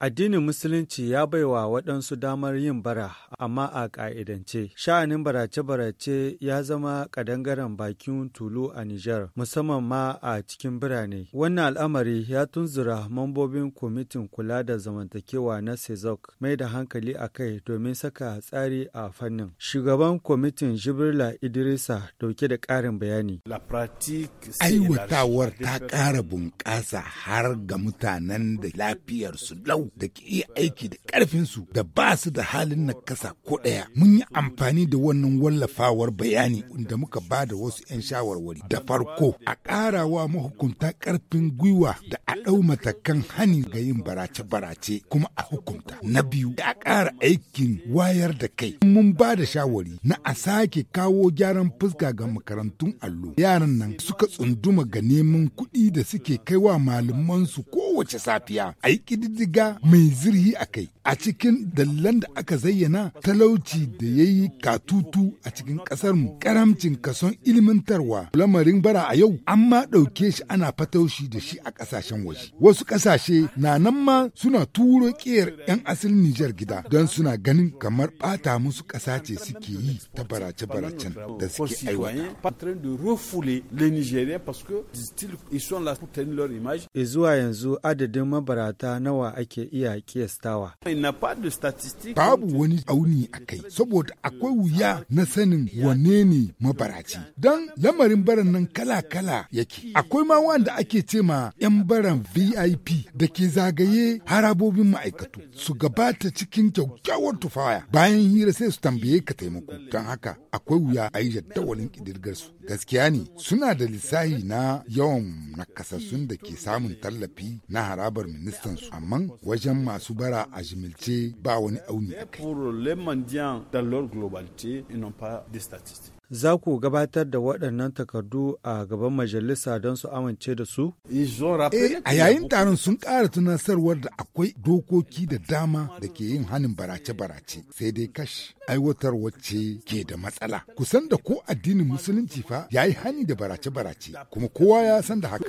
Addinin Musulunci ya baiwa waɗansu damar yin bara, amma a ƙa'idance. Sha'anin barace-barace ya zama ƙadangaren bakin tulu a Nijar, musamman ma a cikin birane. Wannan al'amari ya tunzura mambobin kwamitin kula da zamantakewa na Sezok mai da hankali a kai domin saka tsari a fannin. Shugaban kwamitin Jibrila Idrisa dauke da ƙarin bayani. Aiwatawar ta ƙara bunƙasa har ga mutanen da lafiyarsu lau da ke iya aiki da ƙarfinsu da ba su da halin kasa ko ɗaya. Mun yi amfani da wannan wallafawar bayani da muka ba da wasu 'yan shawarwari. Da farko, a ƙarawa mahukunta ƙarfin gwiwa da a ɗau matakan hani ga yin barace-barace kuma a hukunta. Na biyu, da a ƙara aikin wayar da kai. Mun ba da shawari na a sake kawo gyaran fuska ga makarantun allo. Yaran nan suka tsunduma ga neman kuɗi da suke kaiwa malamansu kowace safiya. A yi ƙididdiga mai zirhi a kai. a cikin dallan da aka zayyana talauci da ya yi katutu a cikin ƙasarmu karamcin kason ilmantarwa lamarin bara a yau an ma ɗauke shi ana fataushi da shi a ƙasashen waje wasu ƙasashe na nan ma suna turo ƙiyar 'yan asalin nijar gida don suna ganin kamar ɓata musu ƙasa ce suke yi ta barace-baracen da suke aiwata. Zuwa yanzu adadin mabarata nawa ake iya kiyastawa. Babu wani auni a kai, saboda akwai wuya na sanin wane ne mabaraci. Don lamarin baran nan kala-kala yake. Akwai ma wanda ake ce ma 'yan baran VIP da ke zagaye harabobin ma'aikatu su gabata cikin kyakkyawar tufaya bayan hira sai su tambaye ka taimako. Don haka akwai wuya a yi jaddawalin su. Gaskiya ne suna da lissahi na yawan nakasassun da ke samun tallafi na harabar ministansu, amma wajen masu bara a jimi ba wani auni za ku gabatar da waɗannan takardu a gaban majalisa don su amince da su? Eh, a yayin taron sun ƙara tunasarwar da akwai dokoki da dama da ke yin hannun barace-barace sai dai kash aiwatar wacce ke da matsala kusan da ko addinin musulunci fa ya yi hani da barace-barace kuma kowa ya san da haka